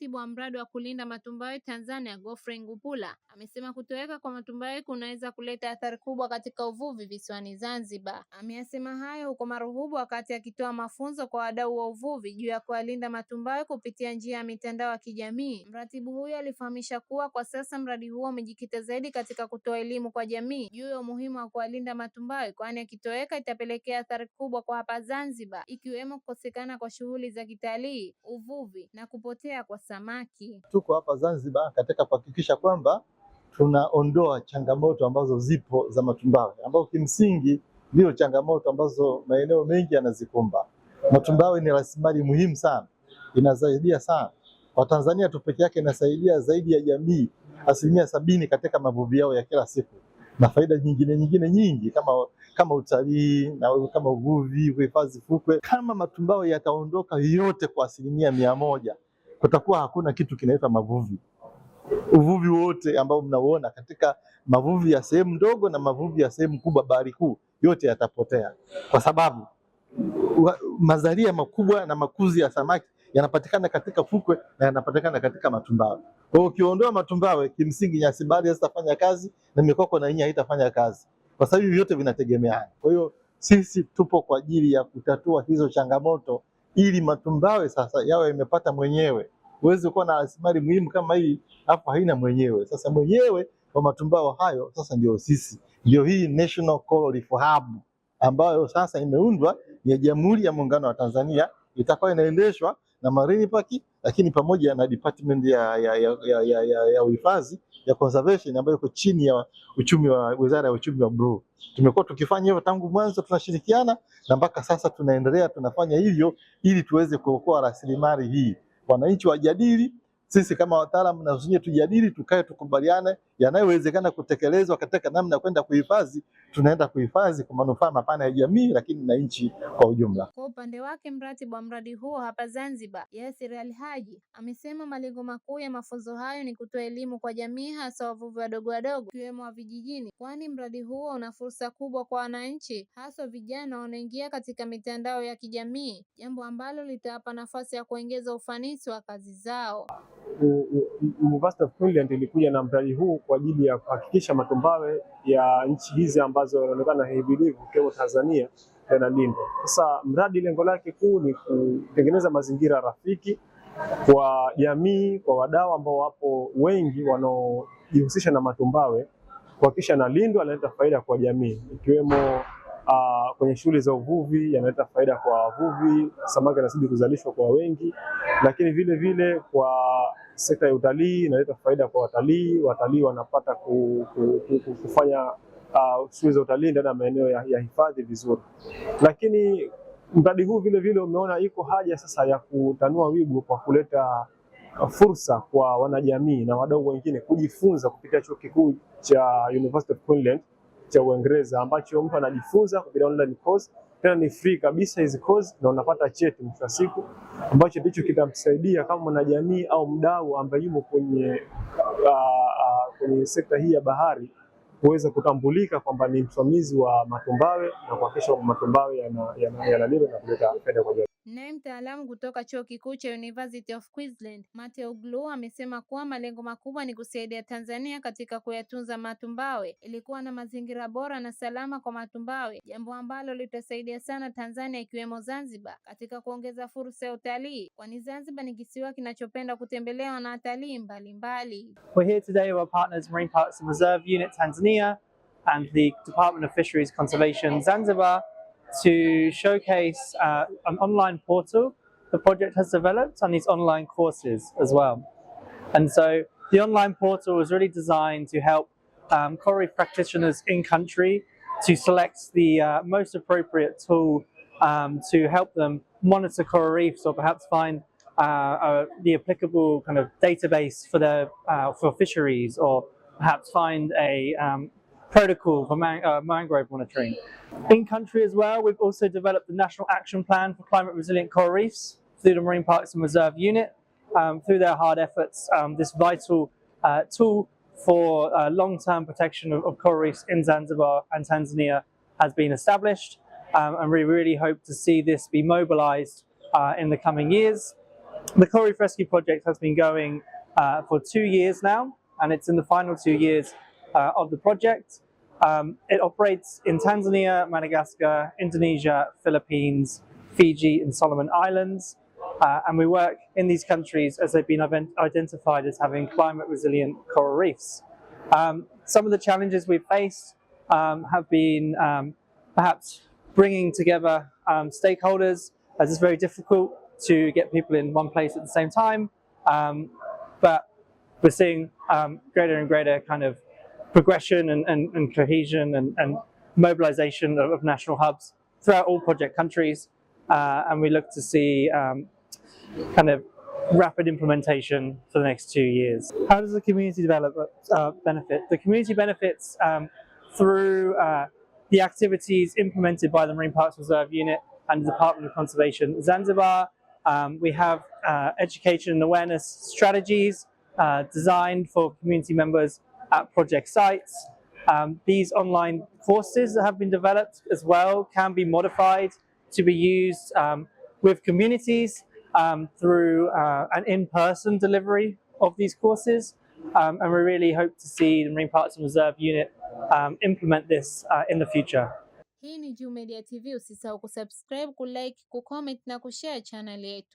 Katibu wa mradi wa kulinda matumbawe Tanzania, Godfrey Ngupula amesema kutoweka kwa matumbawe kunaweza kuleta athari kubwa katika uvuvi visiwani Zanzibar. Ameyasema hayo huko Maruhubu wakati akitoa mafunzo kwa wadau wa uvuvi juu ya kuwalinda matumbawe kupitia njia ya mitandao ya kijamii. Mratibu huyo alifahamisha kuwa kwa sasa mradi huo umejikita zaidi katika kutoa elimu kwa jamii juu ya umuhimu wa kuwalinda matumbawe, kwani akitoweka itapelekea athari kubwa kwa hapa Zanzibar, ikiwemo kukosekana kwa shughuli za kitalii, uvuvi na kupotea kwa samaki. Tuko hapa Zanzibar katika kuhakikisha kwamba tunaondoa changamoto ambazo zipo za matumbawe, ambazo kimsingi ndio changamoto ambazo maeneo mengi yanazikumba. Matumbawe ni rasilimali muhimu sana, inasaidia sana kwa Tanzania tu peke yake, inasaidia zaidi ya jamii asilimia sabini katika mavuvi yao ya kila siku, na faida nyingine nyingine nyingi kama kama utalii na kama uvuvi, uhifadhi fukwe. Kama matumbawe yataondoka yote kwa asilimia mia moja kutakuwa hakuna kitu kinaitwa mavuvi. Uvuvi wote ambao mnauona katika mavuvi ya sehemu ndogo na mavuvi ya sehemu kubwa bahari kuu, yote yatapotea, kwa sababu mazalia makubwa na makuzi ya samaki yanapatikana katika fukwe na yanapatikana katika matumbawe. Kwa hiyo ukiondoa matumbawe, kimsingi nyasi bahari hazitafanya kazi na mikoko na inye haitafanya kazi, kwa sababu vyote vinategemeana. Kwa hiyo sisi tupo kwa ajili ya kutatua hizo changamoto ili matumbawe sasa yawe yamepata mwenyewe. Uweze kuwa na rasilimali muhimu kama hii hapo haina mwenyewe. Sasa mwenyewe wa matumbawe hayo sasa ndio sisi, ndio hii National Coral Reef Hub ambayo sasa imeundwa ya Jamhuri ya Muungano wa Tanzania, itakuwa inaendeshwa na Marine Park lakini pamoja na department ya ya ya ya, ya, ya, ya uhifadhi ya conservation ambayo iko chini ya uchumi wa Wizara ya Uchumi wa Bluu. Tumekuwa tukifanya hivyo tangu mwanzo, tunashirikiana na mpaka sasa tunaendelea tunafanya hivyo ili tuweze kuokoa rasilimali hii. Wananchi wajadili, sisi kama wataalamu na wenyewe tujadili, tukae tukubaliane yanayowezekana kutekelezwa katika namna ya kwenda kuhifadhi tunaenda kuhifadhi kwa manufaa mapana ya jamii, lakini na nchi kwa ujumla. Kwa upande wake, mratibu wa mradi huo hapa Zanzibar, Yasir haji amesema malengo makuu ya mafunzo hayo ni kutoa elimu kwa jamii, hasa wavuvi wadogo wadogo ikiwemo wa vijijini, kwani mradi huo una fursa kubwa kwa wananchi, hasa vijana wanaoingia katika mitandao ya kijamii, jambo ambalo litawapa nafasi ya kuongeza ufanisi wa kazi zao. University of Queensland ilikuja na mradi huu kwa ajili ya kuhakikisha matumbawe ya nchi hizi ambazo ambazo yanaonekana haibilivu ikiwemo Tanzania yanalindwa. Sasa mradi lengo lake kuu ni kutengeneza mazingira rafiki kwa jamii, kwa wadau ambao wapo wengi wanaojihusisha na matumbawe, kuhakikisha Lindo analeta faida kwa jamii ikiwemo Uh, kwenye shughuli za uvuvi yanaleta faida kwa wavuvi, samaki anazidi kuzalishwa kwa wengi, lakini vile vile kwa sekta ya utalii inaleta faida kwa watalii, watalii wanapata ku, ku, ku, kufanya uh, shughuli za utalii ndani ya maeneo ya, hifadhi vizuri. Lakini mradi huu vile vile umeona iko haja sasa ya kutanua wigo kwa kuleta fursa kwa wanajamii na wadau wengine kujifunza kupitia chuo kikuu cha University of Queensland cha Uingereza ambacho mtu anajifunza kupitia online course tena ni free kabisa hizi course, na unapata cheti mwisho wa siku ambacho ndicho kitamsaidia kama mwanajamii au mdau ambaye yumo kwenye, uh, uh, kwenye sekta hii ya bahari kuweza kutambulika kwamba ni msimamizi wa matumbawe na kuhakikisha matumbawe yanalindwa yana, na kuleta faida kwa jamii. Naye mtaalamu kutoka chuo kikuu cha University of Queensland, Mateo glu amesema kuwa malengo makubwa ni kusaidia Tanzania katika kuyatunza matumbawe ili kuwa na mazingira bora na salama kwa matumbawe, jambo ambalo litasaidia sana Tanzania ikiwemo Zanzibar katika kuongeza fursa ya utalii, kwani Zanzibar ni kisiwa kinachopenda kutembelewa na watalii mbalimbali. We're here today with our partners Marine Parks and Reserve Unit Tanzania and the Department of Fisheries Conservation Zanzibar to showcase uh, an online portal the project has developed and these online courses as well. And so the online portal is really designed to help um, reef practitioners in country to select the uh, most appropriate tool um, to help them monitor coral reefs or perhaps find uh, uh, the applicable kind of database for their uh, for fisheries or perhaps find a um, protocol for man uh, mangrove monitoring. In country as well, we've also developed the National Action Plan for Climate Resilient Coral Reefs through the Marine Parks and Reserve Unit. Um, through their hard efforts, um, this vital uh, tool for uh, long-term protection of, of, coral reefs in Zanzibar and Tanzania has been established. Um, and we really hope to see this be mobilized uh, in the coming years. The Coral Reef Rescue Project has been going uh, for two years now, and it's in the final two years uh, of the project. Um, it operates in Tanzania, Madagascar, Indonesia, Philippines, Fiji, and Solomon Islands. Uh, and we work in these countries as they've been identified as having climate resilient coral reefs. Um, some of the challenges we've faced um, have been um, perhaps bringing together um, stakeholders, as it's very difficult to get people in one place at the same time. Um, but we're seeing greater and greater kind of progression and, and, and cohesion and, and mobilization of, of, national hubs throughout all project countries. Uh, and we look to see um, kind of rapid implementation for the next two years. How does the community develop uh, benefit? The community benefits um, through uh, the activities implemented by the Marine Parks Reserve Unit and the Department of Conservation Zanzibar. Um, we have uh, education and awareness strategies uh, designed for community members at project sites. Um, these online courses that have been developed as well can be modified to be used um, with communities um, through uh, an in-person delivery of these courses. Um, and we really hope to see the Marine Parks and Reserve Unit um, implement this uh, in the future. Hii ni Juu Media TV, usisahau kusubscribe, kulike, kucomment na kushare channel yetu.